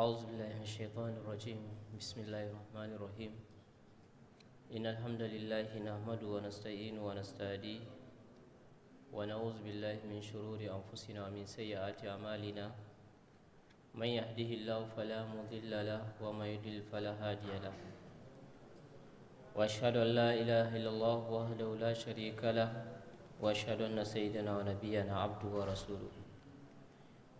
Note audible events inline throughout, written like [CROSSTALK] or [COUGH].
أعوذ بالله من الشيطان الرجيم بسم الله الرحمن الرحيم إن الحمد لله نحمده ونستعينه ونستهديه ونعوذ بالله من شرور أنفسنا ومن سيئات أعمالنا من يهده الله فلا مضل له ومن يضلل فلا هادي له وأشهد أن لا إله إلا الله وحده لا شريك له وأشهد أن سيدنا ونبينا عبده ورسوله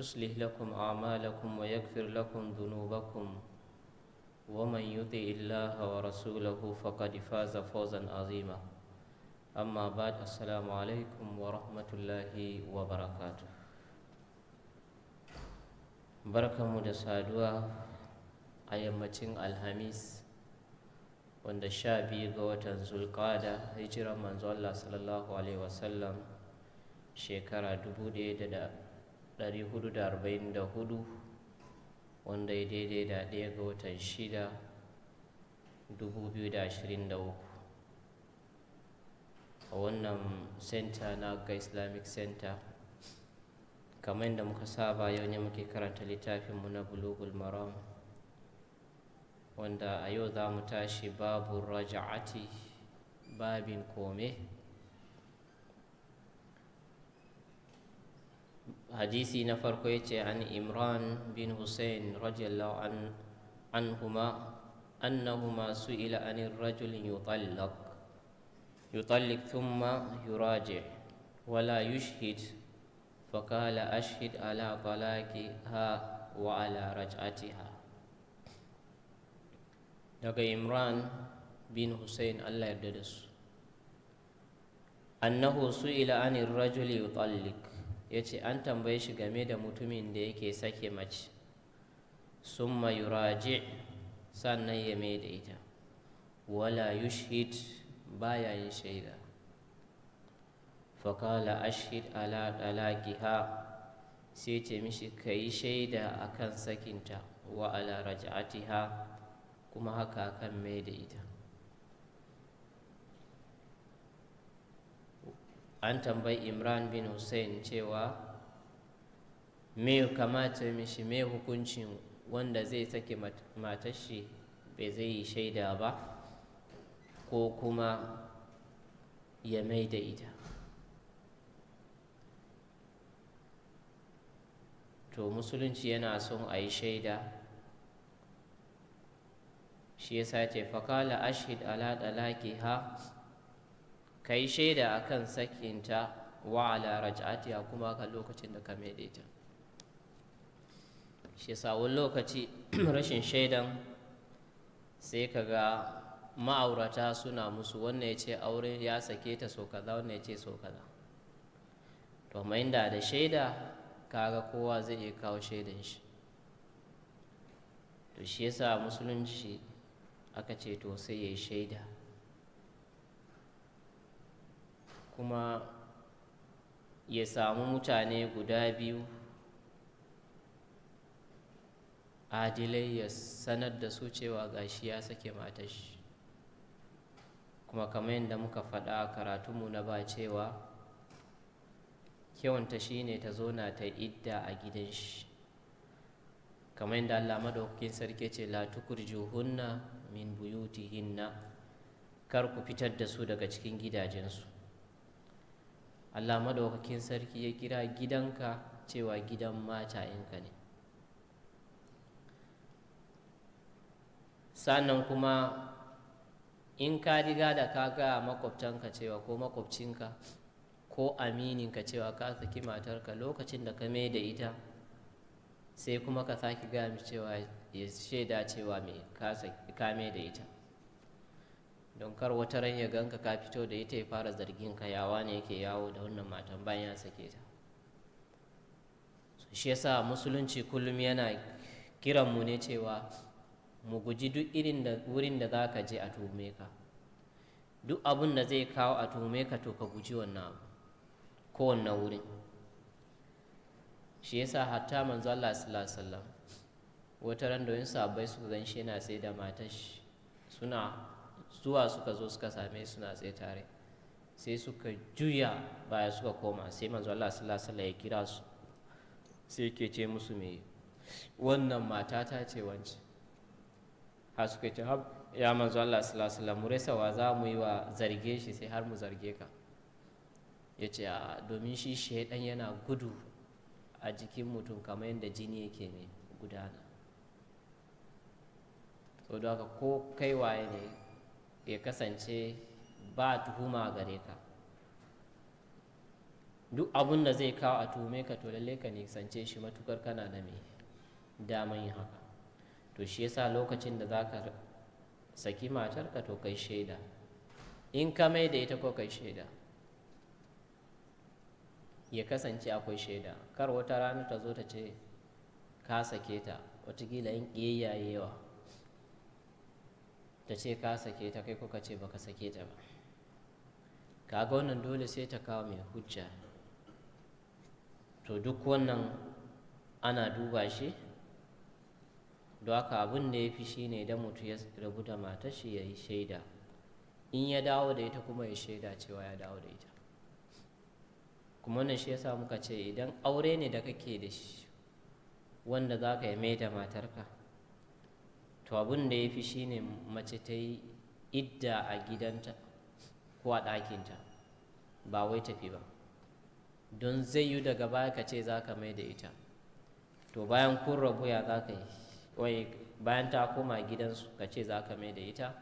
يصلح لكم أعمالكم ويغفر لكم ذنوبكم ومن يطع الله ورسوله فقد فاز فوزا عظيما أما بعد السلام عليكم ورحمة الله وبركاته بركة مدسادوة أيامتين الخميس wanda sha biyu ga watan zulkada hijiran manzo Allah sallallahu alaihi wasallam shekara dubu ɗaya da 444 wanda ya daidai da daya ga watan shida 2023 a wannan senta na ga islamic center kamar yadda muka saba yau ne muke karanta littafinmu na bulugul maram wanda a yau za mu tashi babu raja'ati babin kome hadisi na farko ya ce an imran bin hussein radiyallahu an anhuma annahuma ila anin rajul yutallaq yutallik thumma yuraji wala yushhid ala أشهد ha طلاقها وعلى رجعتها daga imran bin hussein allah yarda da su annahu su ila anin rajuli yutallik ya ce an tambaye shi game da mutumin da yake sake mace summa mayuraje sannan ya mai da ita wala yushhid baya yin shaida fakala ashhid ala ha sai ce mishi ka yi shaida a kan sakinta wa ala raj'atiha kuma haka kan mai da ita an tambayi imran bin hussein cewa me kamata mishi me hukuncin wanda zai sake matashi shi bai zai yi shaida ba ko kuma ya mai da ita to musulunci yana son a yi shaida shi ya sace fakala ashid ala ɗalaƙi ha ka yi shaida a kan sakinta wa ala kuma ka lokacin da ka maida ta shi sawun lokaci [CLEARS THROAT] rashin shaidan sai ka ga ma'aurata suna musu wannan ya ce aure ya sake ta so kaza wannan ya ce so kaza to mai da da shaida ga kowa zai iya kawo shaidan shi to shi yasa musulunci aka ce to sai ya yi shaida kuma ya samu mutane guda biyu adilai ya sanar da su cewa gashi ya sake matashi shi kuma kamar yadda muka faɗa a karatunmu na ba cewa kyawanta shi ne ta zona ta idda a gidan shi kamar yadda allah madaukakin sarki ce la juhunna min buyutihinna kar ku fitar da su daga cikin gidajensu Allah madaukakin sarki ya kira gidanka cewa gidan mata matayenka ne sannan kuma in ka riga da ka gaya makwabtanka cewa ko makwabcinka ko amininka cewa ka saki matarka lokacin da ka mai da ita sai kuma ka sake gaya cewa ya shaida cewa ka mai da ita don kar wata ran ya ganka ka fito da ita ya fara zargin ka yawa ne yake yawo da wannan matan bayan ya sake ta shi yasa musulunci kullum yana kiran mu ne cewa mu guji duk irin da wurin da za ka je a tuhume ka duk abun da zai kawo a tuhume ka to ka guji wannan abu ko wannan wurin shi yasa hatta manzo Allah sallallahu alaihi wasallam wata ran da yin sabai suka gan shi yana sai da matar suna zuwa suka zo suka same suna tsaye tare sai suka juya baya suka koma sai manzo Allah sallallahu alaihi ya kira su sai yake ce musu me wannan mata ta ce wance ha suka ce ya manzo Allah sallallahu alaihi mu rasa wa za mu yi wa zarge shi sai har mu zarge ka yace ce a domin shi dan yana gudu a jikin mutum kamar yadda jini yake mai gudana to da ko kai waye ne ya kasance ba tuhuma gare ka duk abun da zai kawo a tuhume ka to lalle ka nisance shi matukar kana da mai daman yin haka to shi yasa lokacin da za ka saki matarka to kai shaida in ka mai da ita ko kai shaida ya kasance akwai shaida kar wata rana ta zo ta ce ka sake ta watakila in ƙiyayewa ta ce ka sake ta kai kuka ce baka sake ta ba Ka ga wannan dole sai ta kawo mai hujja to duk wannan ana duba shi don haka abin da ya fi shi ne idan mutu ya rabu da matar shi ya yi shaida in ya dawo da ita kuma ya shaida cewa ya dawo da ita kuma wannan shi yasa muka ce idan aure ne da kake da shi wanda za ka yi mai da matarka to abin da ya fi shi ne mace ta yi idda a gidanta ko a ɗakinta ba wai tafi ba don zai yi daga baya ka ce za ka mai da ita to bayan kun rabu ya za ka yi bayan ta koma gidansu ka ce za ka mai da ita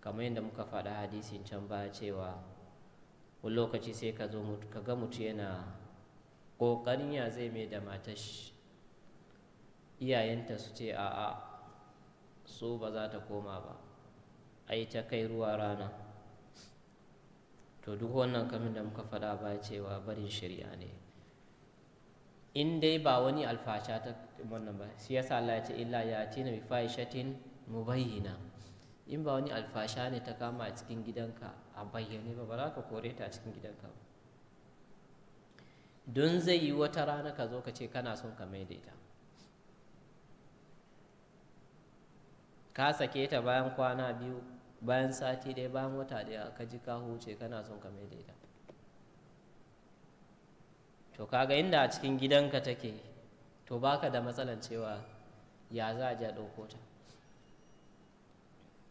kamar yadda muka faɗa hadisin can baya cewa wani lokaci sai ka zo ka ga mutu yana ƙoƙarin ya zai mai da matashi iyayenta su ce a'a So ba za ta koma ba ai ta kai ruwa rana to duk wannan kamin da muka faɗa ba cewa barin shari'a ne in dai ba wani alfasha ta wannan ba shi yasa Allah ya ce illa ya tina bi mu mubayyina in ba wani alfasha ne ta kama a cikin gidanka a bayyane ba ba za ka kore ta a cikin gidanka ba don zai yi wata rana ka zo ka ce kana son ka maidaita ka sake ta bayan kwana biyu bayan sati ɗaya bayan wata ɗaya ka ji ka huce kana son ka mai ita to kaga inda a cikin gidanka take to baka da matsalan cewa ya za a ja ɗauko ta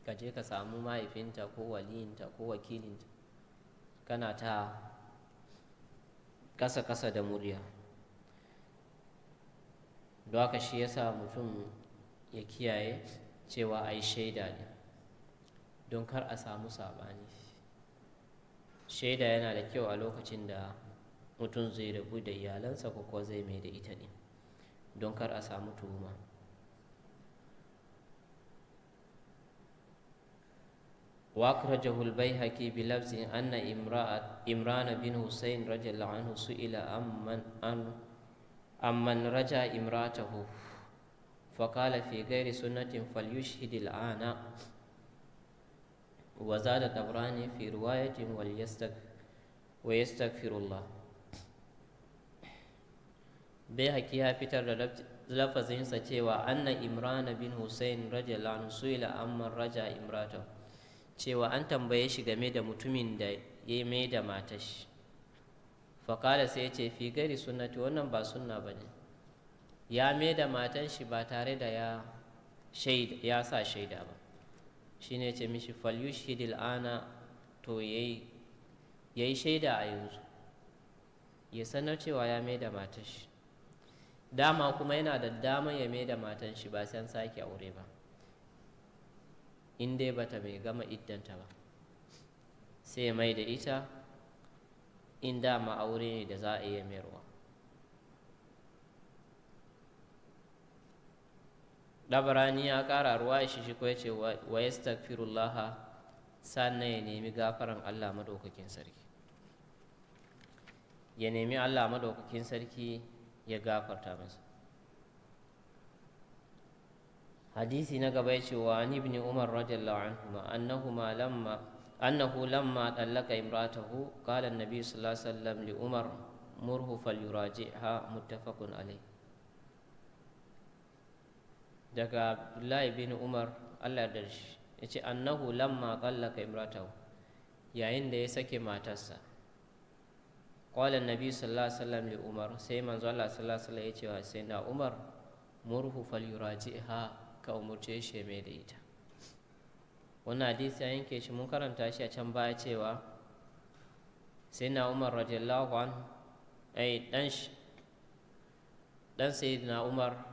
ka je ka samu mahaifinta ko waliyinta ko wakilinta kana ta kasa-kasa da murya don haka shi yasa mutum ya kiyaye cewa ai shaida ne don kar a samu saɓani shaida yana da kyau a lokacin da mutum zai rabu da iyalansa ko ko zai mai da ita ne don kar a samu tuhuma واخرجه البيهقي بلفظ أن Anna Imrana بن حسين رضي الله عنه سئل عن من Imrata Hu. فقال في غير سنة فليشهد الآن وزاد الطبراني في رواية ويستغفر الله بيهكي يا بيتر lafazinsa cewa anna Imrana bin hussein radiyallahu suila amma raja imrata cewa an tambaye shi game da mutumin da ya mai da matashi fakala sai ya ce fi gari wannan ba sunna ba ne ya mai da matan shi ba tare da ya ya sa shaida ba Shi ne ce mishi falyushhidil ana to ya yi shaida a yanzu ya sanar cewa ya mai da matan shi dama kuma yana da damar ya mai da matan shi ba san sake aure ba in dai bata mai gama iddanta ba sai mai da ita in ma aure ne da za a iya mayarwa dabarani ya ƙara ruwa shi shi ko ya ce wa yastaghfirullah sannan ya nemi gafaran Allah madaukakin sarki ya nemi Allah madaukakin sarki ya gafarta masa hadisi na gaba ya ce wa an ibni umar radiyallahu anhu ma annahu ma lamma annahu lamma dallaka imratahu qala an-nabi sallallahu alaihi wasallam li umar murhu falyuraji'ha muttafaqun alayh daga abdullahi bin umar allah da shi ya ce annahu lamma ka imratahu yayin da ya sake matarsa qala nabi sallallahu alaihi wasallam li umar sai manzo allah sallallahu alaihi wasallam ya ce wa sayyidina umar murhu falyuraji'ha ka umurce shi mai da ita wannan hadisi ya yanke shi mun karanta shi a can baya cewa sayyidina umar radiyallahu an ai eh, dan dan sayyidina umar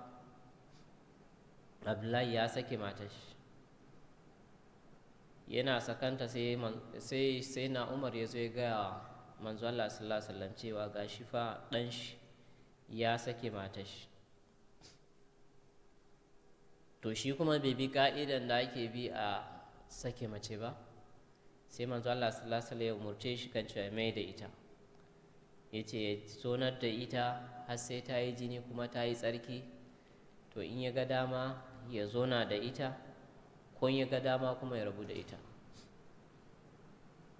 abdullahi ya sake matar shi yana sakanta sai na umar ya zo ya gaya wa Allah sallallahu alaihi cewa fa dan shi ya sake mata shi to shi kuma bai bi ka'idan da ake bi a sake mace ba sai manzu Allah sallallahu alaihi ya umurce shi kan cewa mai da ita yace ya sonar da ita har sai ta yi jini kuma ta yi tsarki to in ya ga dama ya zona da ita ko ya ga dama kuma ya rabu da ita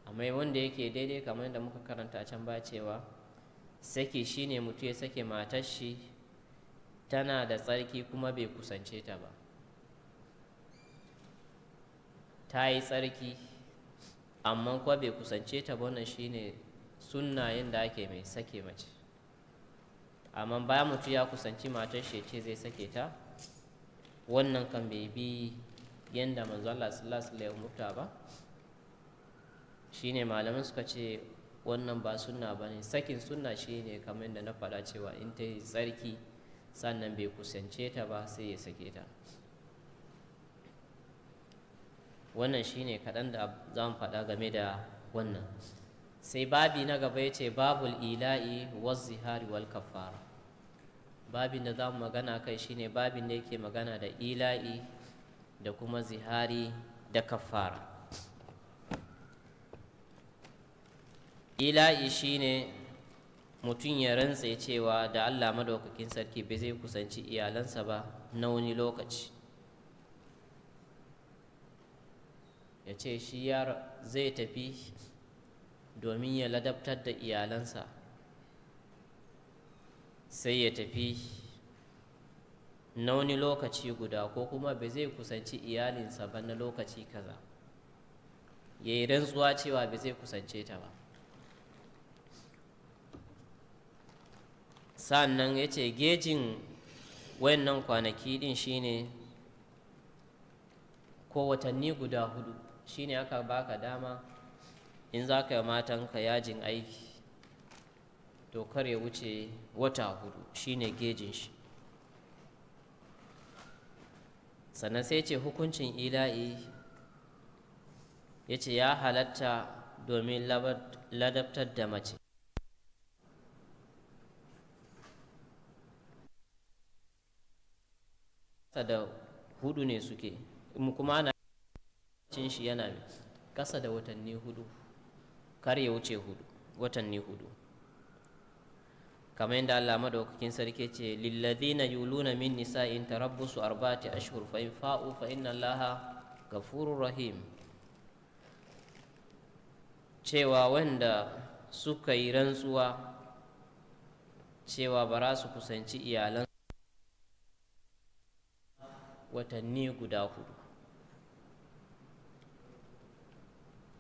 amma wanda yake daidai kamar yadda muka karanta a can ba cewa saki ne mutu ya sake matar shi tana da tsarki kuma bai kusance ta ba ta yi tsarki amma kuwa bai kusance ta ba wannan shine sunnayen da ake mai sake mace amma bayan mutu ya kusanci matar shi ce zai sake ta wannan kan bai bi yadda manzo Allah ya umurta ba shine malaman suka ce wannan ba sunna ne, sakin sunna shine kamar yadda na faɗa cewa in ta yi tsarki sannan bai kusance ta ba sai ya sake ta wannan shine kaɗan da za mu faɗa game da wannan sai babi na gaba ya ce babul ila'i wazzihari wal kafara babin da za mu magana kai shine babin da yake magana da ila'i da kuma zihari da kafara ila'i shine mutum ya rantse cewa da allah madaukakin sarki bai zai kusanci iyalansa ba na wani lokaci ya ce shi zai tafi domin ya ladabtar da iyalansa sai ya tafi na wani lokaci guda ko kuma ba zai kusanci iyalinsa ba na lokaci kaza ya yi rantsuwa cewa ba zai kusance ta ba sannan ya ce gejin wayannan kwanaki din shine ko watanni guda hudu shine aka baka dama in za ka yi matanka yajin aiki to kar ya wuce wata hudu shine gejin shi sannan sai ce hukuncin ila'i ya ce ya halatta domin ladabtar da mace kasa da hudu ne suke kuma na cin shi yana kasa da watanni hudu kar ya wuce hudu watanni hudu kamar yadda Allah madaukakin sarki ce lilladhina yuluna min nisa nisa'in tarabbusu arba'ati ashhur fa in fa'u fa inna ga ghafurur rahim cewa wanda suka yi rantsuwa cewa ba su kusanci iyalan watanni guda hudu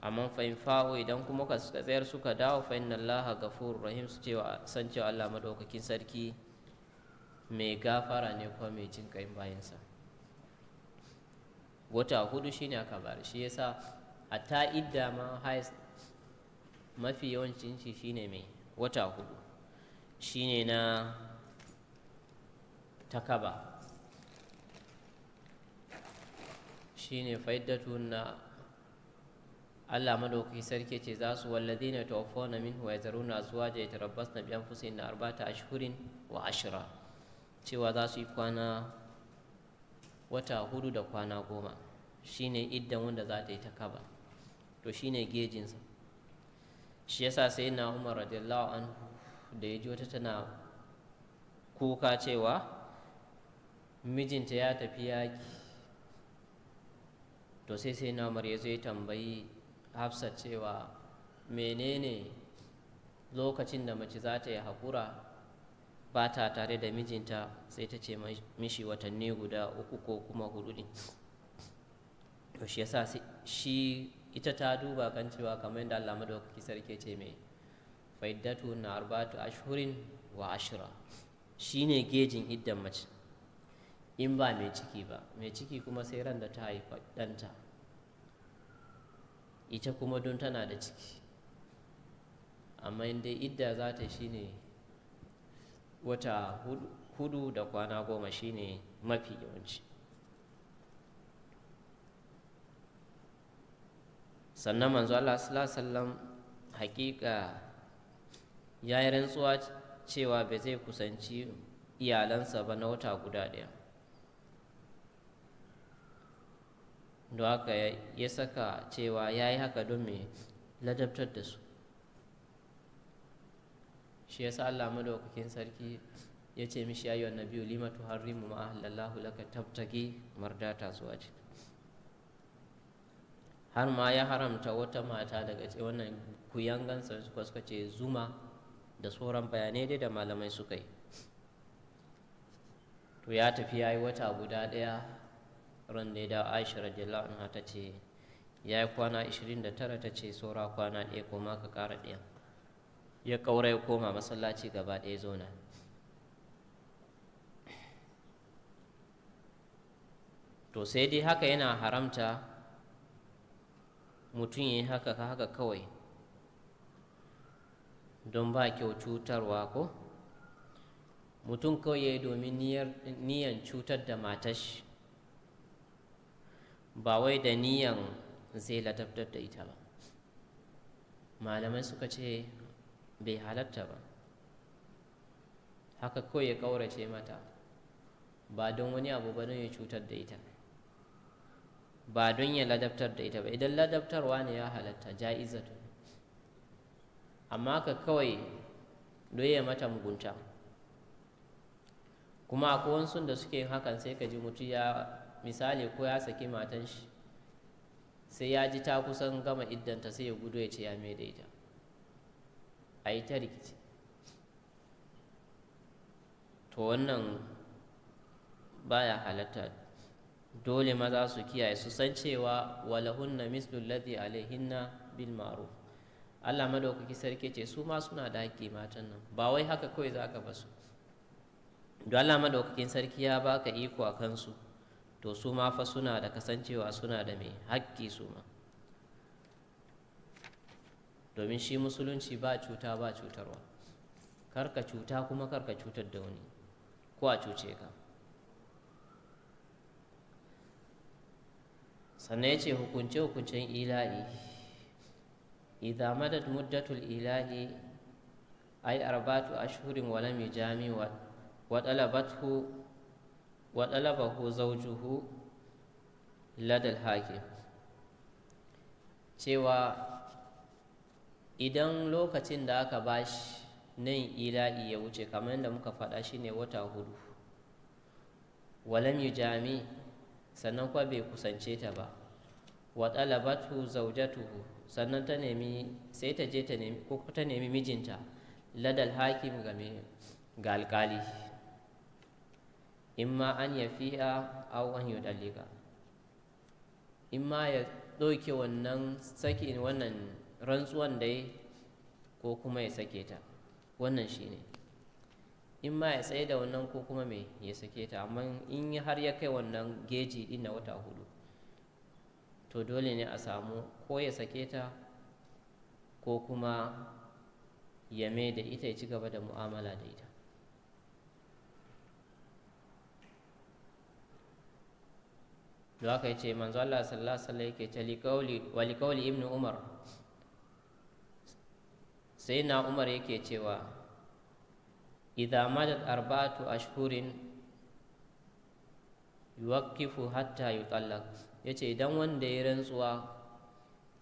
amma fa fa'o idan kuma ka tsayar suka dawo fa laha Allah ghafurur rahim su cewa san cewa Allah madaukakin sarki mai gafara ne kuma mai jin kayan bayansa wata hudu shine aka bar shi yasa a ta idda ma highest mafi yawancin shi shine mai wata hudu shine na takaba shine faidatun na Allah madauki sarki ce za su walladina tawaffawna minhu wa na biyan yatarabbasna na anfusihinna ta ashirin wa ashira. cewa za su yi kwana wata hudu da kwana goma Shi ne iddan wanda za ta yi ta kaba to shi ne gejinsa shi yasa sai na Umar radiyallahu an da ya ji wata tana kuka cewa mijinta ya tafi yaki to sai sai na Umar ya zai ya tambayi hafsat cewa menene lokacin da mace za ta yi hakura ba ta tare da mijinta sai ta ce mishi watanni guda uku ko kuma hudu ne to shi yasa shi ita ta duba kan cewa kamar yadda Allah madaukaki sarki ce mai faidatu na arbatu ashhurin wa ashira shine gejin iddan mace in ba mai ciki ba mai ciki kuma sai ran da ta haifa ɗanta ita kuma don tana da ciki amma inda idda za ta shi ne wata hudu da kwana goma shi ne mafi yawanci sannan manzo Allah wasallam hakika ya yi rantsuwa cewa bai zai kusanci iyalansa ba na wata guda ɗaya da aka ya saka cewa ya yi haka don mai ladabtar da su shi ya yasa Allah madaukakin sarki ya ce mishi ya yi wa nabiyu lima tuharrimu ma ahlallahu laka tabtagi mardata zuwa ce har ma ya haramta wata mata daga ce wannan kuyangansa suka suka ce zuma da sauran bayanai dai da malamai suka yi to ya tafi ya yi wata guda ɗaya ran da ya dawo aisha radiyallahu anha ta ce ya yi kwana 29 ta ce saura kwana ɗaya ko ka ƙara ɗaya ya ƙaura ya koma masallaci gaba ɗaya zauna. to sai dai haka yana haramta mutum ya yi haka haka kawai don ba kyau cutarwa ko mutum kawai ya yi domin niyan cutar da matashi ba wai da niyan zai ladabtar da ita ba malamai suka ce bai halatta ba haka kawai ya ƙaurace mata ba don wani abu ba don ya cutar da ita ba don ya ladabtar da ita ba idan ladabtarwa ne ya halatta ja'izatu amma ka kawai doye mata mugunta kuma akwai wasu da suke hakan sai ka ji mutu ya misali ko ya saki matan shi sai ya ji ta kusan gama iddanta sai ya gudu ya ce ya mai da ita a yi ta rikici to wannan baya halatta dole maza su kiyaye su san cewa walahunna mislul ladhi alaihinna bil maru Allah madaukaki sarki ce su ma suna da haƙƙi matan nan ba wai haka kawai za ka basu don Allah madaukakin sarki ya baka iko a kansu to su ma fa suna da kasancewa suna da mai haƙƙi su ma domin shi musulunci ba cuta ba cutarwa karka cuta kuma karka cutar da wani ko a cuce ka sannan ya ce hukunce-hukuncen ila'i idha madad muddatul ila'i ay arbatu ashhurin wa lam yujami wa talabathu wa ɗalabahu zaujuhu ladal hakim cewa idan lokacin da aka bashi nan ila'i ya wuce kamar yadda muka faɗa shi ne wata hudu walam jami sannan kuwa bai kusance ta ba wa ɗalabatu zaujatuhu sannan ta nemi sai ta je ta nemi ko ta nemi mijinta ladal hakim game ga alkali imma an ya fiya au an yi dalika imma ya ɗauke wannan saki wannan rantsuwan da ya ko kuma ya sake ta wannan shi ne in ma ya tsaye da wannan ko kuma mai ya sake ta amma in har ya kai wannan geji ɗin na wata hudu to dole ne a samu ko ya sake ta ko kuma ya mai da ita ya ci gaba da mu'amala da ita da yi ce manzo Allah sallallahu alaihi wasallam yake ta liqauli wa ibnu umar sai na umar yake cewa idza madat arba'atu ashhurin yuwaqqifu hatta yutallaq yace idan wanda ya rantsuwa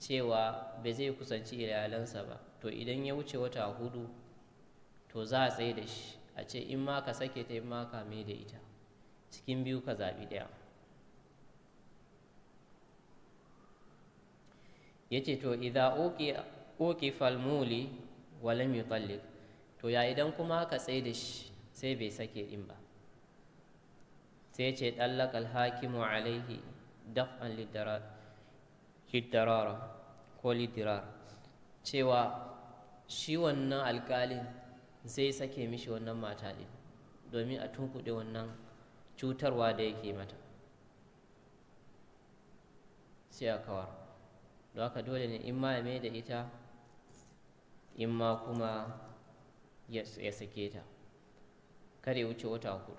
cewa bai zai kusanci iyalansa ba to idan ya wuce wata hudu to za a tsaye da shi a ce in ma ka sake ta in ma ka mai da ita cikin biyu ka zaɓi ɗaya yace to idza uqifa al-muli wa lam yutalliq to ya idan kuma aka tsaye da shi sai bai sake din ba sai ce dallakal hakimu alaihi daf'an lidarara ko lidirar cewa shi wannan alkalin zai sake mishi wannan mata din domin a tunkuɗe wannan cutarwa da yake mata sai a kawar da haka dole ne in ma mai da ita in ma kuma ya sake ta kada wuce wata hudu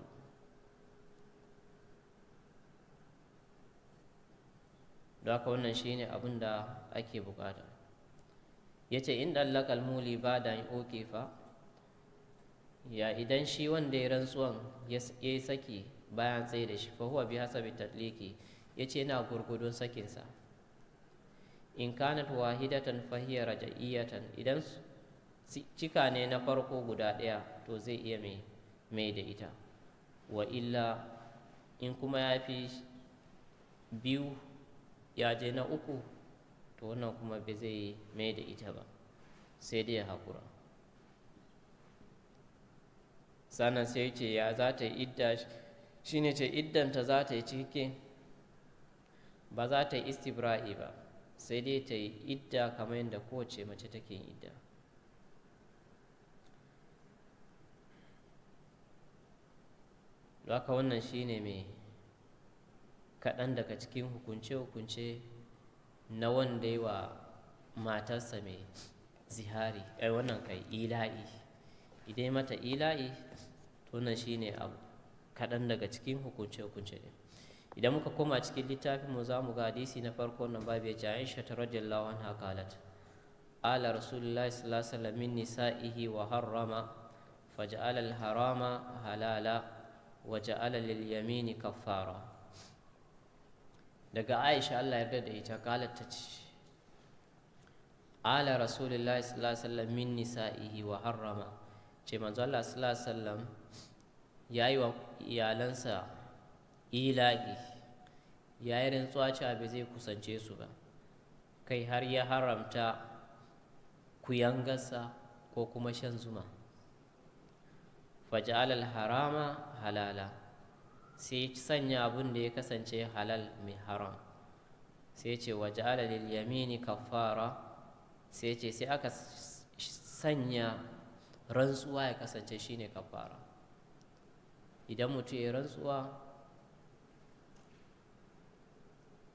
da haka wannan shine abin da ake bukata ya ce in lakal muli ba da oke fa ya idan shi wanda ya rantsuwan ya saki bayan tsaye da shi fa huwa bi hasabi tatliki ya ce yana gurgudun sakinsa in kanat wahidatan fahiya raja'iyatan idan cika ne na farko guda ɗaya to zai iya mai da ita wa illa in kuma ya fi biyu ya je na uku to wannan kuma ba zai mai da ita ba sai dai haƙura sannan sai ce ya za ta yi idda shi ne ce iddanta za ta yi cikin ba za ta yi istibra'i ba sai dai ta yi idda kamar yadda kowace mace take yin idda haka wannan shine mai kaɗan daga cikin hukunce-hukunce na wanda yi wa matarsa mai zihari ai wannan kai ila'i idan mata ila'i to wannan shine abu kaɗan daga cikin hukunce-hukunce ɗin idan muka koma cikin littafin mu za mu ga hadisi na farko nan babu ya ce Aisha ta radiyallahu anha qalat ala rasulullahi sallallahu alaihi wasallam min nisa'ihi wa harrama faj'ala al-harama halala wa ja'ala lil-yamini kaffara daga Aisha Allah ya yarda da ita qalat ta ce ala rasulullahi sallallahu alaihi wasallam min nisa'ihi wa harrama ce manzo Allah sallallahu alaihi wasallam yayi wa iyalansa Ya yayin rantsuwa ce, bai zai kusance su ba kai har ya haramta gasa ko kuma shan zuma faja'alal harama halala sai sanya abin da ya kasance halal mai haram sai ce waje yamini kafara sai ce sai aka sanya rantsuwa ya kasance shine kafara idan mutum ya rantsuwa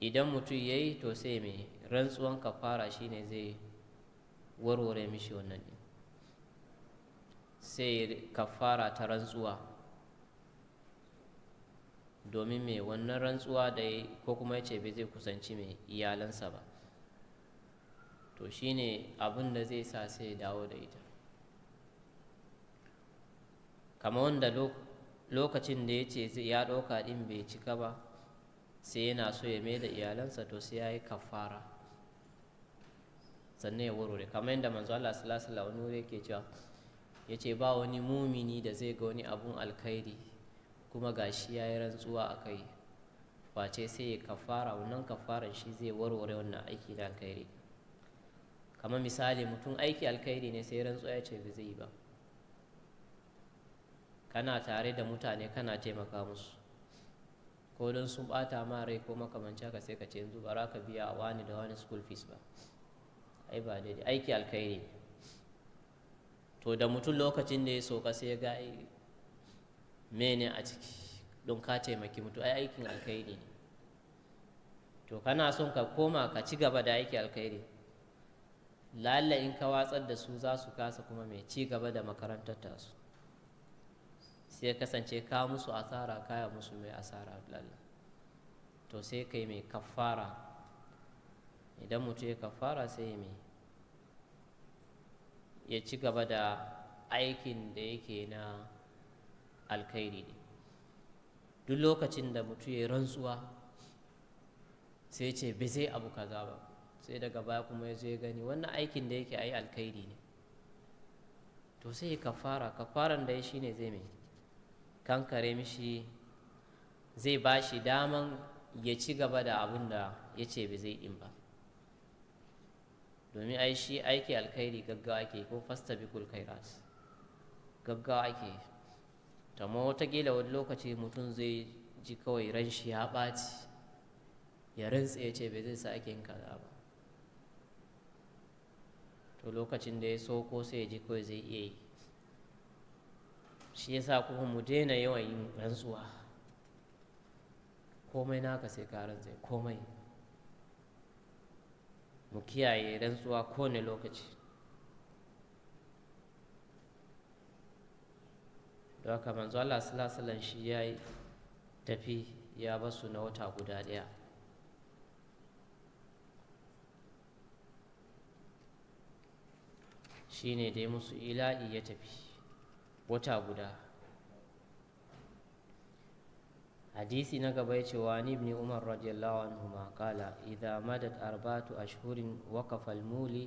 idan mutum ya yi to sai mai rantsuwan kafara ne zai warware mishi wannan ne sai kafara ta rantsuwa domin mai wannan rantsuwa da ya ko kuma ya ce bai zai kusanci mai iyalansa ba to shi abin da zai sa sai dawo da ita kamar wanda lokacin da ya ce ya ɗauka ɗin bai cika ba sai yana so ya mai da iyalansa to sai ya yi kafara sannan ya warware kamar yadda manzo Allah sallallahu alaihi wasallam yake cewa ya ce ba wani mumini da zai ga wani abun alkhairi kuma gashi ya yi rantsuwa a kai face sai ya kafara wannan kafaran shi zai warware wannan aiki na alkhairi kamar misali mutum aiki alkhairi ne sai rantsuwa ya ce zai yi ba kana tare da mutane kana taimaka musu ko don sun bata ma rai ko makamanci haka sai ka ce yanzu za ka biya wani da wani school fees ba ai ba daidai aiki alkhairi to da mutum lokacin da ya soka sai ya ga mene a ciki don ka taimaki mutu ai aikin alkhairi ne to kana son ka koma ka ci gaba da aiki alkhairi lalla in ka watsar da su za su kasa kuma mai ci gaba da makarantar tasu sai kasance ka musu asara kaya musu mai asara lalla to sai kai mai kafara idan mutu ya kafara sai mai ya ci gaba da aikin da yake na alkhairi ne duk lokacin da mutu ya rantsuwa sai ce bai zai abu kaza ba sai daga baya kuma ya zo ya gani wannan aikin da yake ayi alkhairi ne to sai ya kafara kafaran da ya ne zai mai kankare mishi zai ba shi daman ya ci gaba da abin da ya ce ba zai ɗin ba domin ai shi aiki alkhairi gaggawa ake ko fasta bikul khairat gaggawa ake ta ma gila wani lokaci mutum zai ji kawai ran shi ya ɓaci ya rantsa ya ce ba zai sa ake yin kaza ba to lokacin da ya so ko sai ya ji kawai zai iya yi shi ya sa kuma mu daina yawan yin rantsuwa komai naka sai ka rantsai komai mu kiyaye rantsuwa kowane lokaci da haka manzo Allah sallallahu shi ya yi tafi ya basu na wata guda ɗaya shine dai musu ila'i ya tafi بۆ چابوودا حديث نقبيت وعن ابن عمر رضي الله عنهما قال إذا مدت أربعة أشهر وقف المولي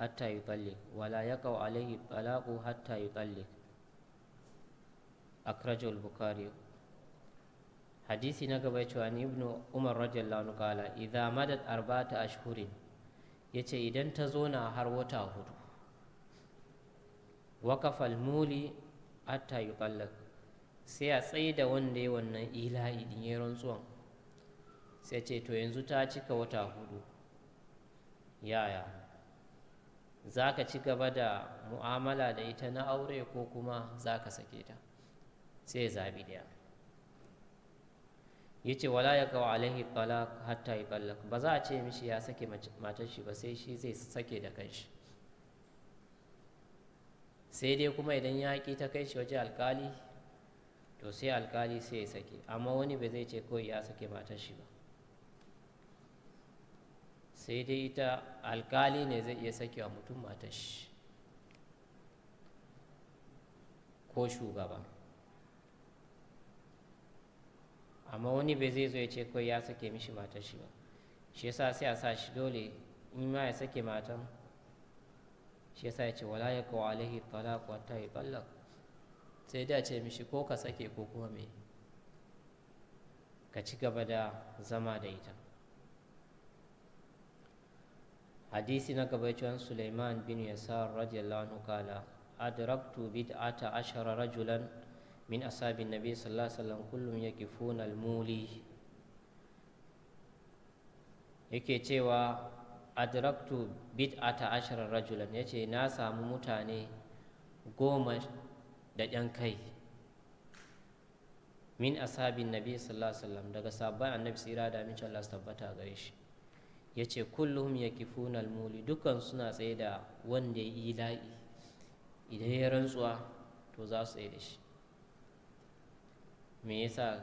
حتى يطلق ولا يقع عليه الطلاق حتى يطلق أخرجه البخاري حديث نقبيت وعن ابن عمر رضي الله عنه قال إذا مدت أربعة أشهر يتي إذا تزونا هر وتا وقف المولي hatta yi tallak sai a tsaye da wanda ya wannan ila'i din ya rantsuwan sai ce to yanzu ta cika wata hudu yaya za ka ci gaba da mu'amala da ita na aure ko kuma za ka sake ta sai ya zaɓi ɗaya ya ce wala ya kawo alaihi talak hatta yi ba za a ce mishi ya sake matar shi ba sai shi zai sake da kanshi sai dai kuma idan yaƙi ta kai shi waje alkali to sai alkali sai ya sake amma wani bai zai ce kawai ya sake matar shi ba sai dai ita alkali ne zai iya sakewa mutum matar shi ko shugaba amma wani bai zai zo ya ce kawai ya sake mishi matar shi ba shi yasa sai a sa shi dole in ma ya sake matar shi yasa ya ce wala ya kawo alaihi talaq wa ta talaq sai da ce mishi ko ka sake ko kuma me ka ci gaba da zama da ita hadisi na gaba gabacin Suleiman bin Yasar radiyallahu anhu kala adraktu bid'ata ashara rajulan min ashabin nabi sallallahu alaihi wasallam kullum yakifuna almuli yake cewa adraktu bid'ata ashara rajulan ce na samu mutane goma da yan kai min ashabin nabi sallallahu alaihi wasallam daga sabon annabi sira da min Allah su tabbata gare shi yace ya yakifuna almuli dukkan suna tsaye da wanda ya yi la'i idan ya rantsuwa to za su tsaye da shi me yasa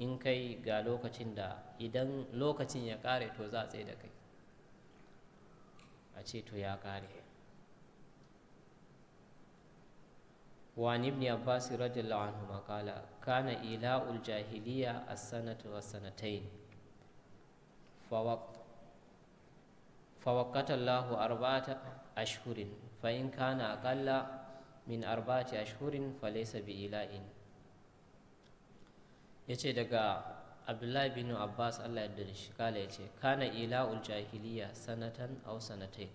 in kai ga lokacin da idan lokacin ya kare to za a tsaye da kai a ce to ya kare wanibni abbas radiyallahu kana ila'ul jahiliya a sanatu a sanatai fawakatallahu arbata ashurin fa'in kana akalla min arbata ashurin falesa bi ila'in ya ce daga abdullahi bin abbas allah ya da shi kala ya ce kana ila'ul jahiliya sanatan au sanatai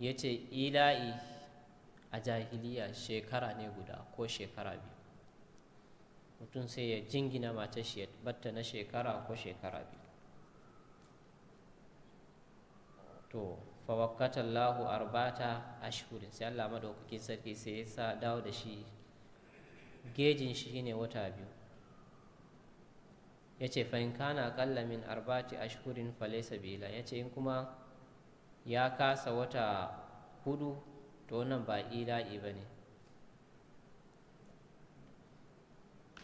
ya ce ila'i a jahiliya shekara ne guda ko shekara biyu mutum sai ya jingina mata shi ya batta na shekara ko shekara biyu to fawakatan lahu arbata ashhurin sai allah madaukakin sarki sai ya sa dawo da shi gejin shi ne wata biyu ya ce fa'in kana aƙalla min arba'ati ashhurin falaisa bila ya ce in kuma ya kasa wata hudu to nan ba ila'i ba ne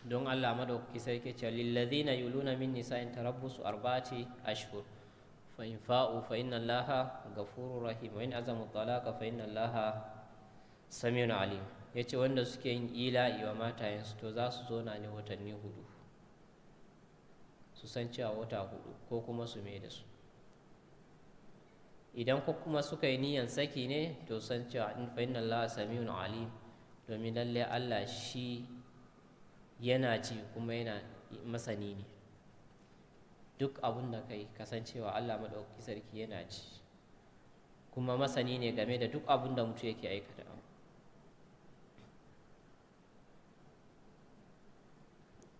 don allah madaukaki sai ke ce lillazina luna min nisa'in su arbati ashhur fa in fa'u fa inna allaha ghafurur rahim wa in azamu talaqa na laha sami na alim ce wanda suke yin ila'i wa matayensu to za su zo na ne watanni hudu su san cewa wata hudu ko kuma su mai da su idan ko kuma suka yi niyan saki ne to san cewa inna Allah samiun alim domin lalle Allah shi yana ci kuma yana masani ne duk abun da kai kasancewa Allah madauki sarki yana ci kuma masani ne game da duk abun da mutu yake aikata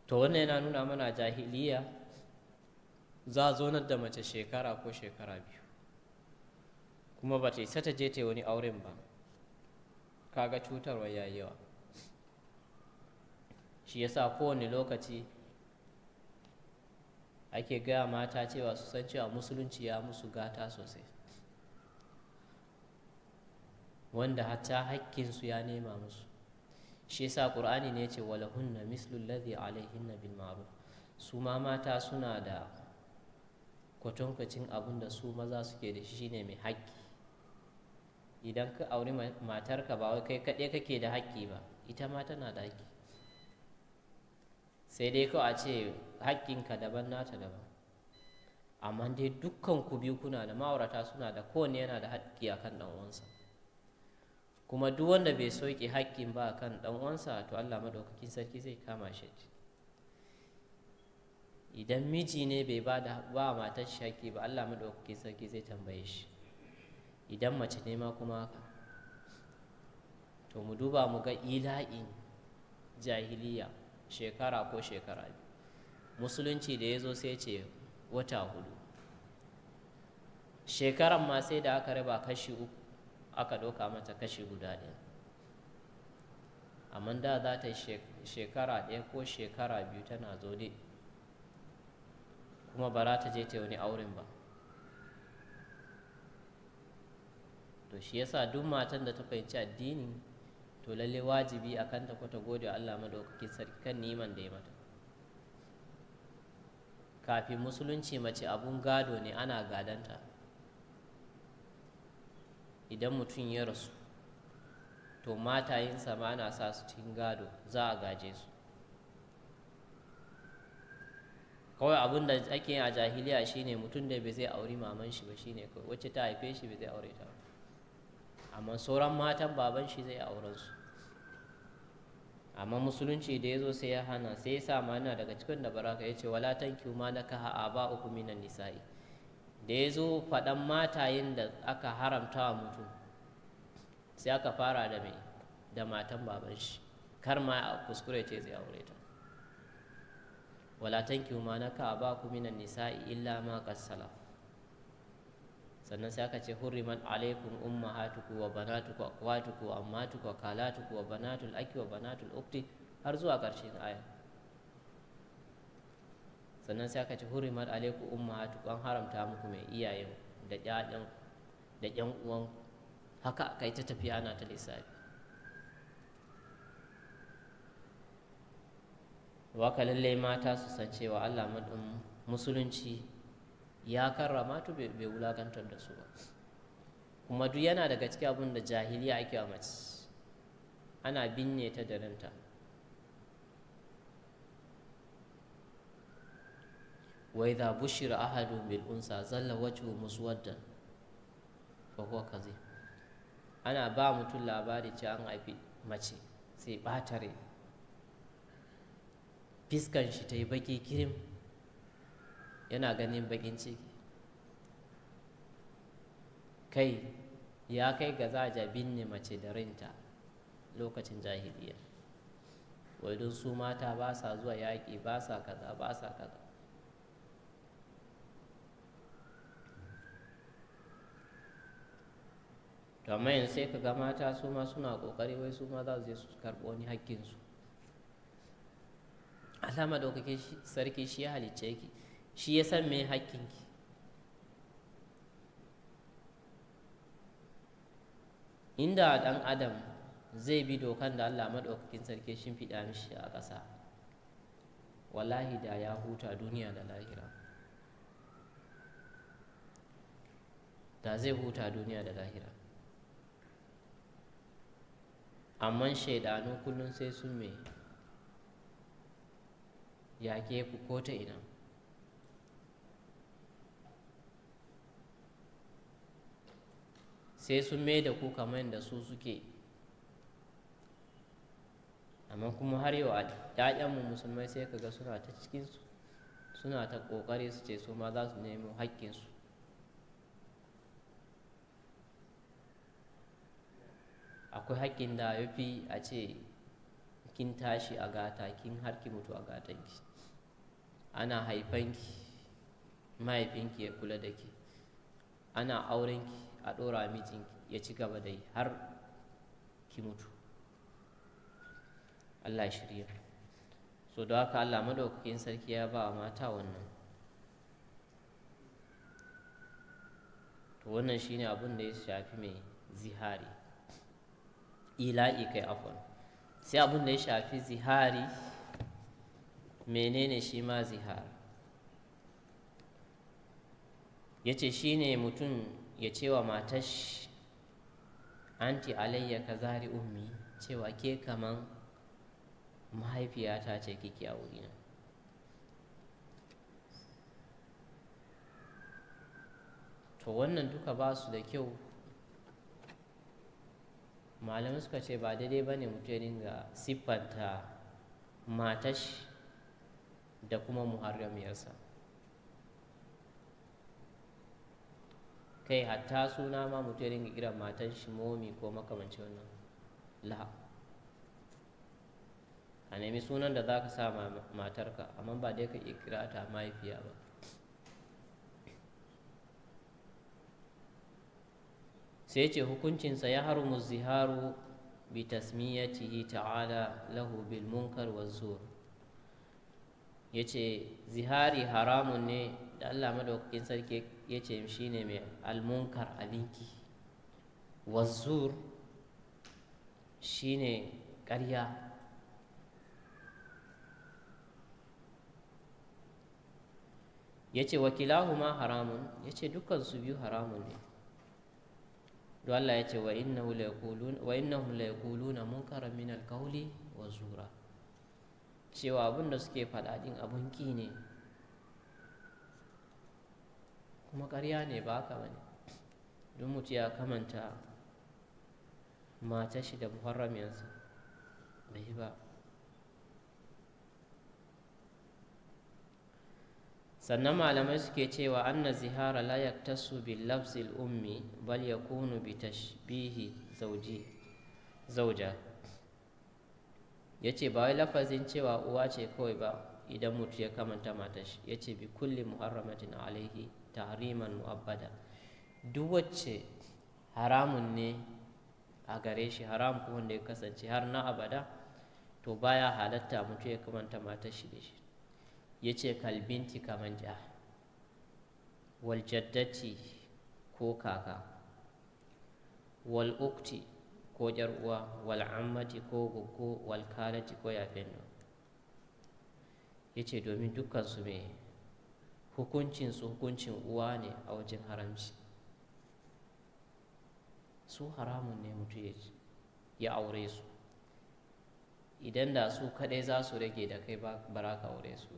to wannan yana nuna mana jahiliya za a na da mace shekara ko shekara biyu kuma ba ta isa ta je ta wani auren ba kaga cutarwa ya yawa shi ya yasa kowane lokaci ake gaya mata cewa su san cewa musulunci ya musu gata sosai wanda hatta hakkinsu ya nema musu shi yasa qur'ani ne ce walahunna mislu alaihin alaihinna bil ma'ruf su ma mata suna da kwatankwacin abin da su maza suke da shi shine mai haƙƙi idan ka auri matarka ba wai kai kaɗai kake da haƙƙi ba ita ma tana da haƙƙi sai dai kawai a ce haƙƙinka daban nata daban amma dai dukkan ku biyu kuna da ma'aurata suna da kowane yana da haƙƙi a kan ɗan'uwansa kuma duk wanda bai soke haƙƙin ba a kan ɗan'uwansa to allah maɗaukakin sarki zai kama shi idan miji ne bai ba da ba matar shaki ba Allah ke sarki zai tambaye shi idan mace ne ma kuma haka to mu duba mu ga ila'in jahiliya shekara ko shekara musulunci da ya zo sai ce wata hudu shekaran ma sai da aka raba kashi uku aka ɗauka mata kashi guda ɗaya amma da za ta shekara ɗaya ko shekara biyu tana zo dai. kuma ba za ta je ta wani auren ba to shi yasa duk matan da ta fahimci addini to lalle wajibi a kanta ko ta gode wa Allah madaukakin sarki kan niman da ya mata kafin musulunci mace abun gado ne ana gadanta idan mutum ya rasu to matayensa ma ana sa su cikin gado za a gaje su kawai abin da ake yi a jahiliya shine mutum da bai zai auri maman shi ba shine kawai wacce ta haife shi bai zai aure ta amma sauran matan baban shi zai auren su amma musulunci da ya zo sai ya hana sai ya sa mana daga cikin da baraka ya ce wala tanki ma laka ba uku minan nisa'i da ya zo faɗan matayin da aka haramta wa mutum sai aka fara da mai da matan baban shi kar ma kuskure ce zai aure ta wala tankihu ma naka ku minan nisa'i illa ma qassala sannan sai aka ce hurriman alaikum ummahatuku wa banatuku wa wa ammatuku wa kalatuku wa banatul aki wa banatul ukti har zuwa ƙarshen aya sannan sai aka ce hurriman alaikum ummahatuku an haramta muku mai iyayen da ƴaƴan da ƴan uwan haka kai ta tafiya na ta lissafi waka lallai mata su san cewa Allah musulunci ya karrama tu bai wulakantar da su ba kuma duk yana daga cikin abin da jahiliya ake wa mace ana binne ta da ranta wa idha bushira ahadu bil unsa zalla wajhu muswaddan fa huwa kazi ana ba mutum labari ce an haifi mace sai ɓatare. fiskan shi ta yi baki kirim yana ganin bakin ciki kai ya kai ga za a binne mace da rinta lokacin jahiliya wai su mata ba sa zuwa yaƙi ba sa kaza ba sa kaza to yanzu sai ka ga mata su ma suna ƙoƙari wai su ma za su je su karɓo wani haƙƙinsu Allah madaukake sarki shi ya halicce ki shi ya san me ki inda dan adam zai bi dokan da Allah maɗaukakin sarki shi fiɗa mishi a ƙasa wallahi da ya huta duniya da lahira da zai huta duniya da lahira amma shaidanu kullum sai sun mai ke ku ko ta ina sai sun mai da ku kamar da su suke amma kuma har yau a ‘ya'yanmu musulmai sai kaga suna ta cikinsu suna ta ƙoƙari su ce su ma za su nemo haƙƙinsu akwai haƙƙin da ya fi a ce kin tashi a gata kin harki mutu a gatanki ana haifanki mahaifinki ya kula da ke ana aurenki a ɗora mijinki ya ci gaba da har ki mutu Allah shirya so da haka Allah madaukakin sarki ya ba mata wannan to wannan shine abin da ya shafi mai zihari ila'i kai afon sai abin da ya shafi zihari menene shi ma ziha? ya ce shi ne mutum ya cewa matash anti alayya ka zari ummi cewa ke kaman mahaifiyata ce kike a wurina to wannan duka ba su da kyau malamai suka ce ba daidai ba ne mutum ya dinga siffanta matashi da kuma muharramiyarsa kai hatta suna ma mutu yadda kiran matan shi ko makamanci wannan laha a nemi sunan da za ka sa matarka amma ba dai ka iya kira ta mahaifiya ba sai ce hukuncinsa ya harumu ziharu bi tasmiyatihi ta'ala lahu bil munkar wa ya ce zihari haramun ne da Allah madaukakin sarki ya ce shi ne mai almunkar abinki wazzur shi ne ƙarya ya ce wakilahu ma haramun ya ce dukansu biyu haramun ne don Allah ya ce wa innahum la yaquluna munkaran min alqawli wa zura cewa abin da suke faɗa din abun ƙi ne kuma ƙarya ne ba ka ba ne don mutu ya kamanta shi da muharramiyarsa bai ba sannan malamai suke cewa anna zihara la yaktasu bil lafzil ummi bal yakunu bi tashbihi zawji zawja ya ce ba wai lafazin cewa uwa ce kawai ba idan mutu ya kamanta matar shi ya ce bi kulli muharramatin alaihi tahriman mu'abbada duk wacce haramun ne a gare shi haram kuma wanda ya kasance har na abada to baya halatta mutu ya kamanta matar shi da shi ya ce kalbinti kaman ja wal ko kaka wal ko ƴar uwa wal ammati ko goggo wal kalati ko yafenno yace domin dukkan su me hukuncin su hukuncin uwa ne a wajen haramci su haramun ne mutu ya ci ya aure su idan da su kaɗai za su rage da kai bara ka aure su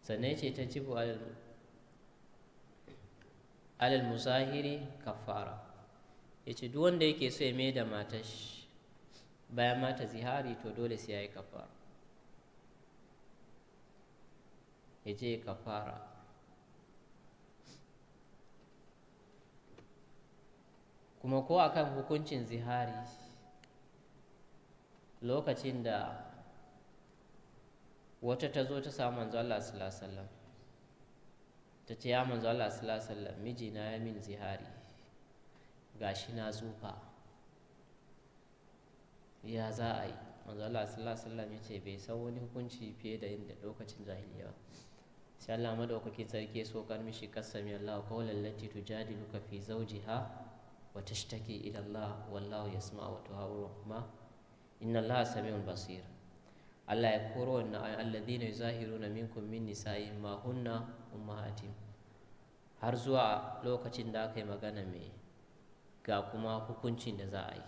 sannan ce ta jibu alal musahiri kafara ya ce duk wanda yake so ya mai da shi bayan mata zihari to dole sai ya yi kafara ya je kafara kuma ko akan hukuncin zihari lokacin da wata ta zo ta samu manzo Allah sallallahu ta ce ya manzo Allah sallallahu alaihi wasallam mijina ya min zihari gashi na tsufa ya za a yi manzo Allah sallallahu alaihi wasallam ya ce bai san wani hukunci fiye da inda lokacin jahiliya sai Allah madaukaki sarki so kan mishi kasami Allah qawlan lati tujadiluka fi zawjiha wa tashtaki ila Allah wallahu yasma'u wa tuhawuru ma inna Allah sami'un basir Allah ya koro wannan ayan alladhina yuzahiruna minkum min nisa'ihim ma hunna ummahatihim har zuwa lokacin da aka yi magana mai ga kuma hukuncin da za a yi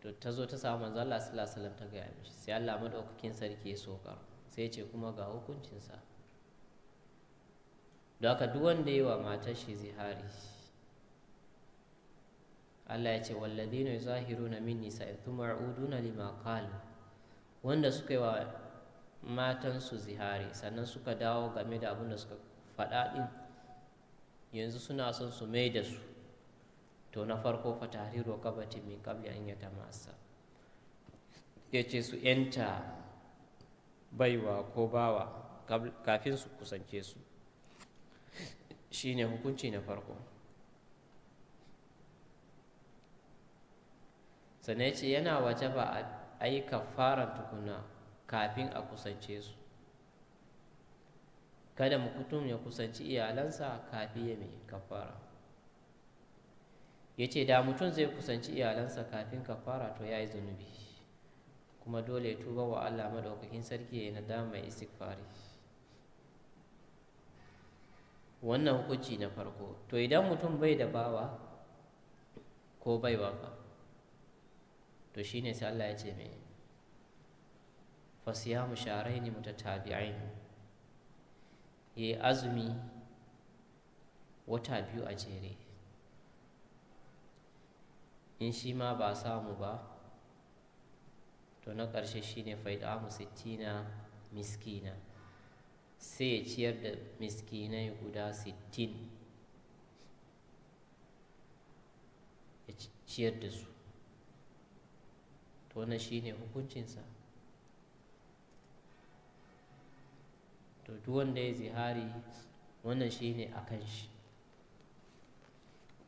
to ta zo ta samu manzo Allah sallallahu alaihi wasallam ta gaya mishi sai Allah madaukakin sarki ya soka sai ce kuma ga hukuncinsa don haka duk wanda yi wa matar shi zihari Allah ya ce walladhina na min nisa'i thumma ya'uduna lima qalu wanda suka yi wa matansu zihari sannan suka dawo game da abin da suka faɗa yanzu suna son su mai da su to na farko fa tahriru kabati min qabli an yatamassa yace su yanta baiwa ko bawa kafin su kusance su shine hukunci na farko sannan ya ce yana waje ba a aika kafaran tukuna kafin a kusance su kada mutum ya kusanci iyalansa kafin ya mai kafara ya ce da mutum zai kusanci iyalansa kafin kafara to ya yi zunubi kuma dole ya tuba wa allah madaukakin sarki ya yi dama mai istighfari wannan hukunci na farko to idan mutum bai da bawa ko baiwa ba to shine sai Allah ya ce me fasiyamu sharaini mutatabi'ain yi azumi wata biyu a jere in shi ma ba samu ba to na ƙarshe shine fa'idamu sittina miskina sai ya ciyar da miskinai guda sittin ya ciyar da su to wannan ne hukuncinsa to duk wanda ya zihari wannan shi ne a kan shi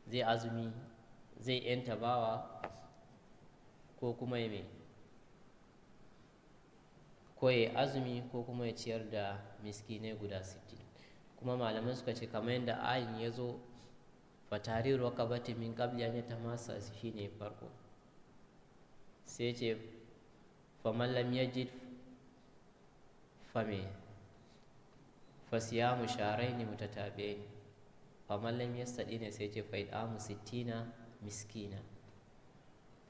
zai azumi zai yanta bawa ko kuma ya mai ko ya azumi ko kuma ya ciyar da miskinai guda sittin kuma malamai suka ce kamar yadda ayin ya zo fatari rokabati min ya ta yi shi ne farko sai ce faman lam yajid fame fasiyamu sharaini mutatabi'ain faman lam yastadi ne sai ce fa'idamu sittina miskina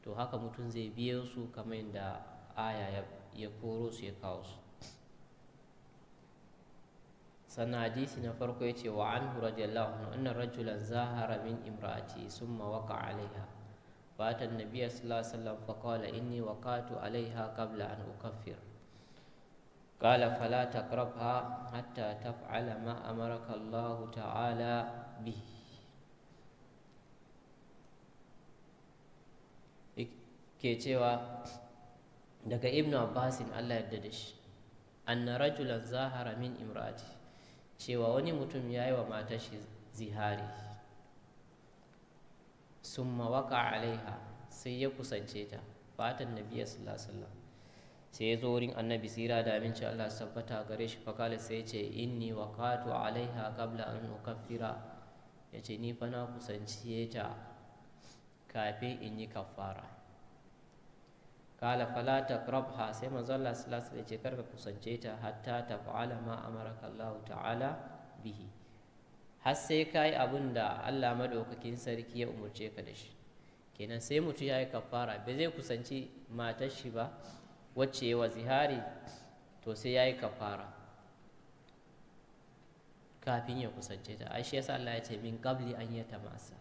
to haka mutum zai biyo su kamar yadda aya ya koro su ya kawo su sannan hadisi na farko ya ce wa anhu radiyallahu anhu anna rajulan zahara min imra'ati summa waqa alaiha فأتى النبي صلى الله عليه وسلم فقال إني وقعت عليها قبل أن أكفر قال فلا تقربها حتى تفعل ما أمرك الله تعالى به ke cewa daga ibnu abbasin allah yadda da shi anna rajulan zahara min imrati cewa wani mutum ya yi wa matar shi zihari summa waka alaiha sai ya kusance ta fatan na sallallahu alaihi sai ya zo wurin annabi tsira da abinci Allah su tabbata gare shi fakala sai ya ce inni waqatu alaiha qabla an ukaffira ya ce ni fa na kusance ta kafin in yi kafara kala fala taqrabha sai manzo Allah sallallahu alaihi wasallam ya ce karka kusance ta hatta taf'ala ma amaraka Allah ta'ala bihi har sai ka yi abin da allah maɗaukakin sarki ya umarce ka da shi kenan sai mutum ya yi kafara bai zai kusanci matar shi ba wacce wa zihari to sai ya yi kafara kafin ya kusance ta ai shi yasa allah ya ce min qabli an ya masa?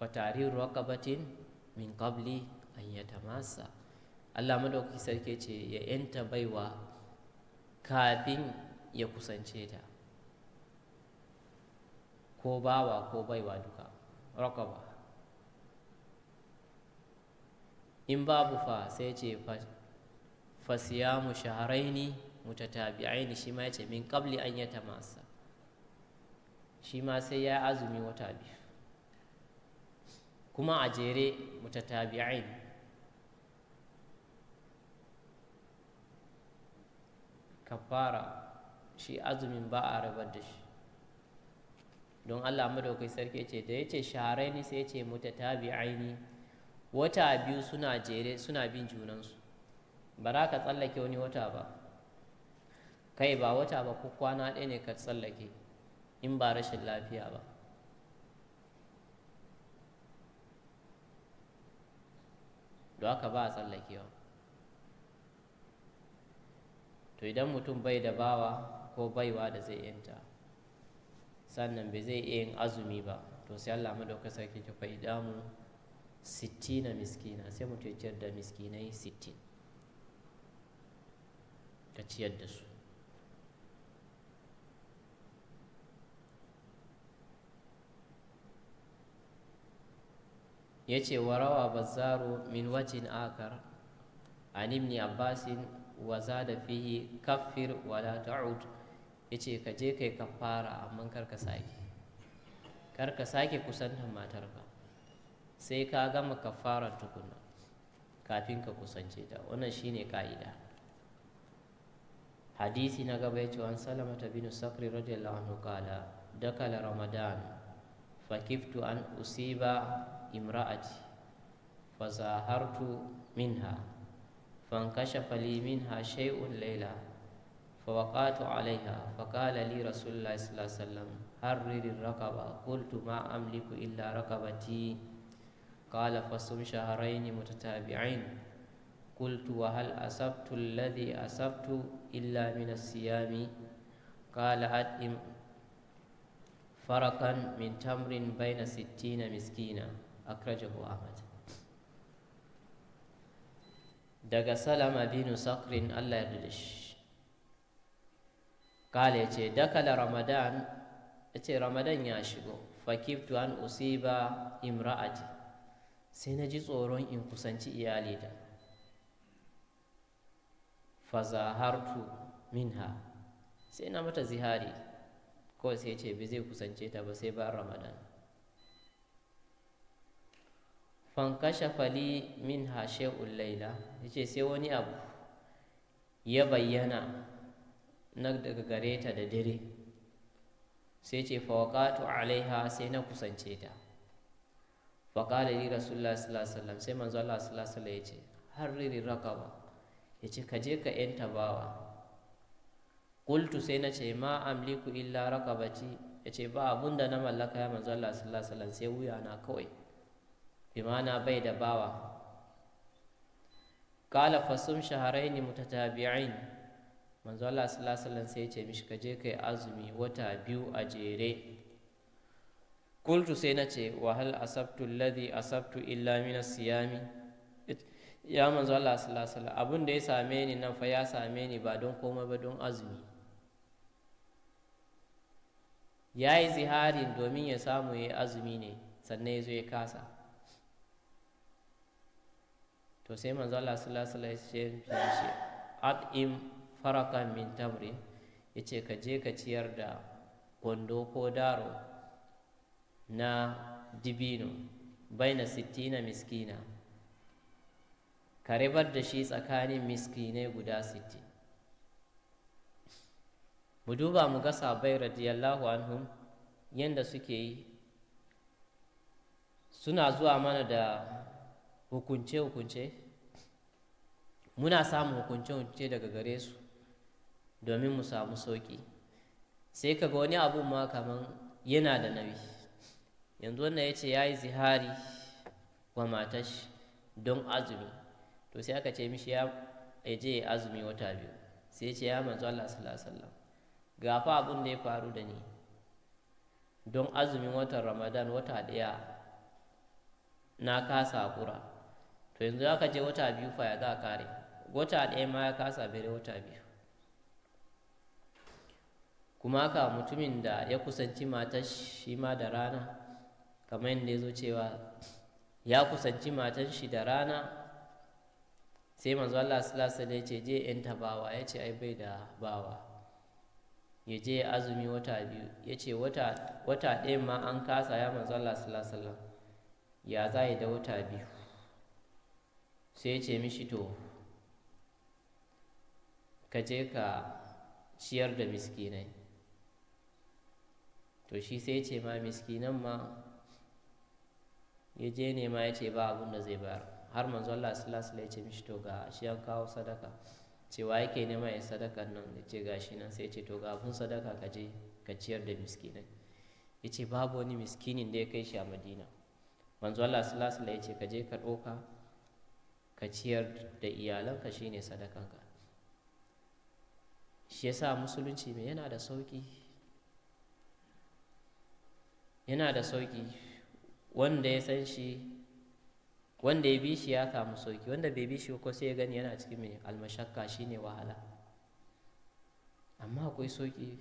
fatari raqabatin min qabli an ya masa? allah maɗaukakin sarki ce ya yanta baiwa kafin ya kusance ta ko bawa ko baiwa duka rakaba in babu fa sai ce ta shaharaini mutatabi'aini shi ma yace min qabli an masa, shi ma sai ya azumi wata biyu kuma a jere mutatabi'ain kafara shi azumin ba a rabar da shi don Allah madaukai sarki ce da yace sharai ne sai yace aini wata biyu suna jere suna bin junansu ba za ka tsallake wani wata ba kai ba wata ba ko kwana ɗaya ne ka tsallake in ba rashin lafiya ba don haka ba a tsallakewa to idan mutum bai da bawa ko baiwa da zai yanta sannan bai zai iya yin azumi ba to sai Allah madaukakin sarki ta faida mu sittina miskina sai mu ciyar da miskinai sittin ka ciyar da su ya ce warawa Bazzaro min wajin akar an ibn abbasin wa zada fihi kaffir wala ta'ud ya ce ka je kai kafara amma kar ka sake kar ka sake kusantar matarka sai ka gama kafarar tukuna kafin ka kusance ta wannan shine ka'ida hadisi na gaba yace an salama ta bin sakri radiyallahu anhu qala dakala ramadan fakiftu an usiba imra'ati fazahartu minha fankashafa li minha shay'un laila. فوقعت عليها فقال لي رسول الله صلى الله عليه وسلم حرر الرقبة قلت ما أملك إلا رقبتي قال فصم شهرين متتابعين قلت وهل أصبت الذي أصبت إلا من الصيام قال أتئم فرقا من تمر بين ستين مسكينا أخرجه أحمد daga salama binu sakrin allah ya shi kala ce dakala ramadan ya yace ramadan ya shigo fakiftu an usiba imra'ati sai na ji tsoron in kusanci iyali da fazahartu minha sai na mata zihari ko sai ce bi zai kusance ta ba sai ba ramadan fankasha fali min hashe laila ya ce sai wani abu ya bayyana na daga gare ta da dare sai ce fawaqatu alaiha sai na kusance ta faqala li rasulullah sallallahu alaihi wasallam sai manzo Allah sallallahu alaihi wasallam yace harriri raqaba yace ka je ka yanta bawa qultu sai na ce ma amliku illa raqabati yace ba abun da na mallaka ya manzo Allah sallallahu alaihi wasallam sai wuya na kawai bi mana bai da bawa qala fasum shahrayn mutatabi'ain manzo Allah sallallahu alaihi sai ya ce mishi ka je kai azumi wata biyu a jere kultu sai na ce wa hal asabtu alladhi asabtu illa min siyami ya manzo Allah sallallahu alaihi abun da ya same ni nan fa ya same ni ba don komai ba don azumi ya yi ziharin domin ya samu ya yi azumi ne sannan ya zo ya kasa to sai manzo Allah sallallahu alaihi wasallam ya ce at'im farakan min tamri ya ce ka je ka ciyar da kwando ko daro na dibino bai na sittina miskina ka ribar da shi tsakanin miskinai guda sitti. mu duba mu ga sabai radiyallahu anhum yadda suke yi suna zuwa mana da hukunce-hukunce muna samun hukunce-hukunce daga gare su domin mu samu sauƙi sai ka ga wani abu ma kaman yana da nauyi yanzu wannan ya ce ya yi zihari wa matash don azumi to sai aka ce mishi ya je azumi wata biyu sai ce ya manzo Allah sallallahu alaihi wasallam ga fa abin da ya faru da ni don azumin watan Ramadan wata ɗaya na kasa kura. to yanzu aka je wata biyu fa ya za kare wata ɗaya ma ya kasa bere wata biyu kuma haka mutumin da ya kusanci matar shi ma da rana kamar yadda ya zo cewa ya kusanci matar shi da rana sai manzo Allah sallallahu alaihi ce je yan tabawa ya ce ai bai da bawa ya je azumi wata biyu ya ce wata wata ɗaya ma an kasa ya manzo Allah sallallahu alaihi ya za da wata biyu sai ya ce mishi to ka je ka ciyar da miskinai to shi sai ya ce ma miskinan ma ya je ne ma ya ce ba abun da zai bayar har manzo Allah sallallahu alaihi ya ce mishi to ga shi an kawo sadaka cewa yake ma ya sadaka nan ya ce gashi nan sai ya ce to ga abun sadaka ka je ka ciyar da miskinai ya ce babu wani miskinin da ya kai shi a madina manzo Allah sallallahu alaihi ya ce ka je ka ɗauka ka ciyar da iyalanka shine sadakanka shi yasa musulunci mai yana da sauki yana da sauki wanda ya san shi wanda ya bi shi ya samu sauki wanda bai bi shi ko sai ya gani yana ciki mai almashakka ne wahala amma akwai sauki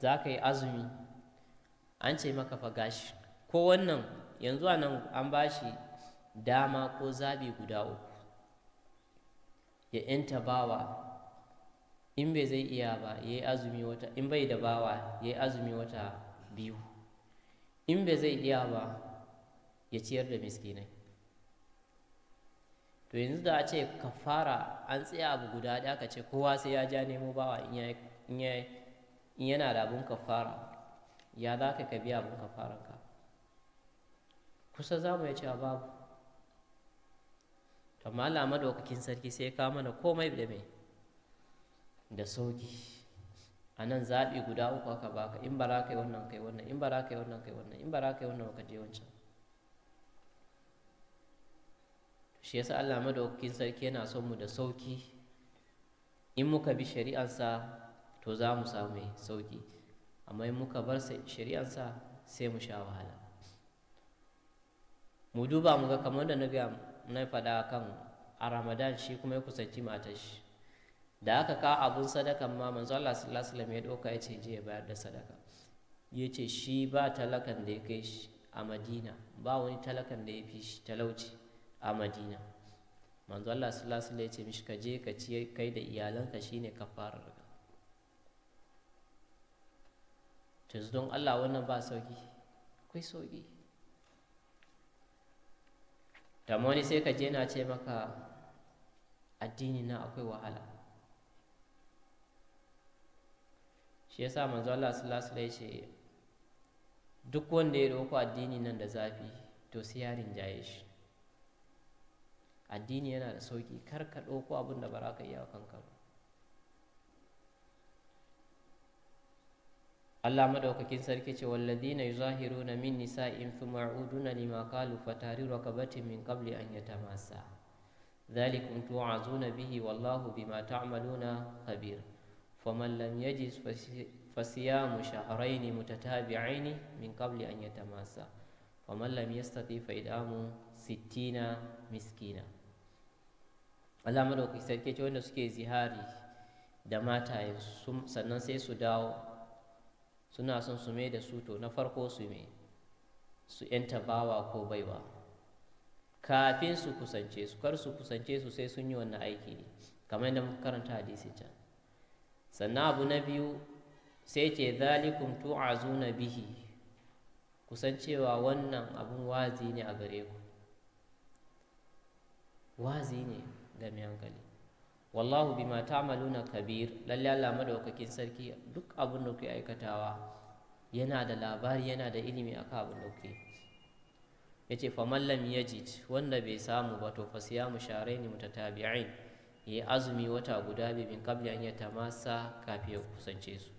za ka yi azumi an ce maka fa gashi ko wannan yanzu a nan an ba shi dama ko zabi guda uku ya 'yanta bawa in bai zai iya ba ya yi azumi wata in bai da bawa ya yi azumi wata biyu in bai zai iya ba ya ciyar da miskinai to yanzu da a ce kafara an tsaya abu guda da aka ce kowa sai ya ja nemo bawa in yana da abun kafara ya za ka ka biya abun ka. kusa za mu ya ce babu to amma Allah madaukakin sarki sai ka mana komai da mai da sauki a nan zaɓi guda uku aka baka in ba za ka yi wannan kai wannan in ba za ka yi wannan kai wannan in ba za ka yi wannan ka je wancan shi yasa Allah madaukakin sarki yana son mu da sauki in muka bi shari'ansa to za mu samu sauki amma in muka bar shari'ansa sai mu sha wahala mu duba mu ga kamar da na faɗa kan a ramadan shi kuma ya kusanci matar shi da aka kawo abun sadaka, ma manzo Allah sallallahu alaihi wasallam ya doka ya ce je ya bayar da sadaka ya ce shi ba talakan da ya kai shi a Madina ba wani talakan da ya fi shi talauci a Madina manzo Allah sallallahu alaihi wasallam ya ce mishi ka je ka ci kai da iyalanka shine kafarar ka to don Allah wannan ba sauki akwai sauki da wani sai ka je na ce maka addini na akwai wahala shi ya yasa manzo Allah sallallahu alaihi ce duk wanda ya dauko addini nan da zafi to sai ya rinjaye shi addini yana da sauki kar ka ɗauko abin da ba ka iya kanka ba Allah madaukakin sarki ce walladina yuzahiruna min nisa'in thumma ya'uduna lima qalu fatari rakabatin min qabli an yatamassa dhalikum tu'azuna bihi wallahu bima ta'maluna khabir faman lam mu fasiyamu shahraini mutatabi'aini min qabli an yatamassa faman lam yastati fa idamu sittina miskina Allah madauki sarki ce wanda suke zihari da mataye sannan sai su dawo suna son su mai da su to na farko su mai su yanta bawa ko baiwa kafin su kusance su kar su kusance su sai sun yi wannan aiki kamar yadda muka karanta hadisi can sannan abu na biyu sai ce zalikum zuna bihi kusan cewa wannan abun wazi ne a gare ku wazi ne ga mai hankali wallahu bima Maluna kabir lalle Allah madaukakin sarki duk abin da kuke aikatawa yana da labari yana da ilimi akan abin da kuke yace fa Mallam yajid wanda bai samu ba to fa siyamu sharaini mutatabi'in ya azumi wata guda bi min qabli an yatamassa kafi ya kusance su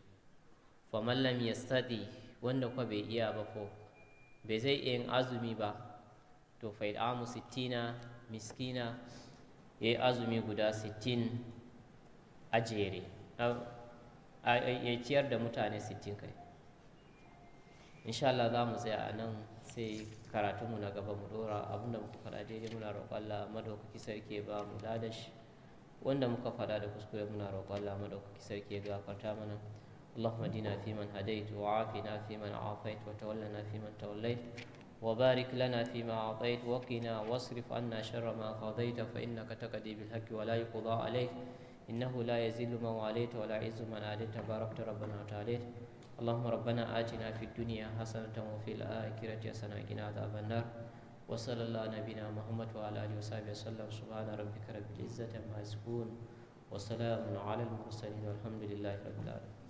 fa man lam yastadi wanda kwa bai iya ba ko bai zai iya yin azumi ba to fa amu sittina miskina ya azumi guda sittin a jere ya ciyar da mutane sittin kai insha Allah za mu tsaya a nan sai karatunmu na gaba mu dora abinda muka kara daidai muna roƙon Allah madaukaki sarki ba mu shi. wanda muka faɗa da kuskure muna roƙon Allah madaukaki sarki ya gafarta mana اللهم اهدنا فيمن هديت وعافنا فيمن عافيت وتولنا فيمن توليت وبارك لنا فيما أعطيت وقنا واصرف عنا شر ما قضيت فإنك تقضي بالحق ولا يقضى عليك إنه لا يزل من واليت ولا يعز من عاديت باركت ربنا وتعاليت اللهم ربنا آتنا في الدنيا حسنة وفي الآخرة حسنة وقنا عذاب النار وصلى الله على نبينا محمد وعلى اله وصحبه وسلم سبحان ربك رب العزه عما يصفون وسلام على المرسلين والحمد لله رب العالمين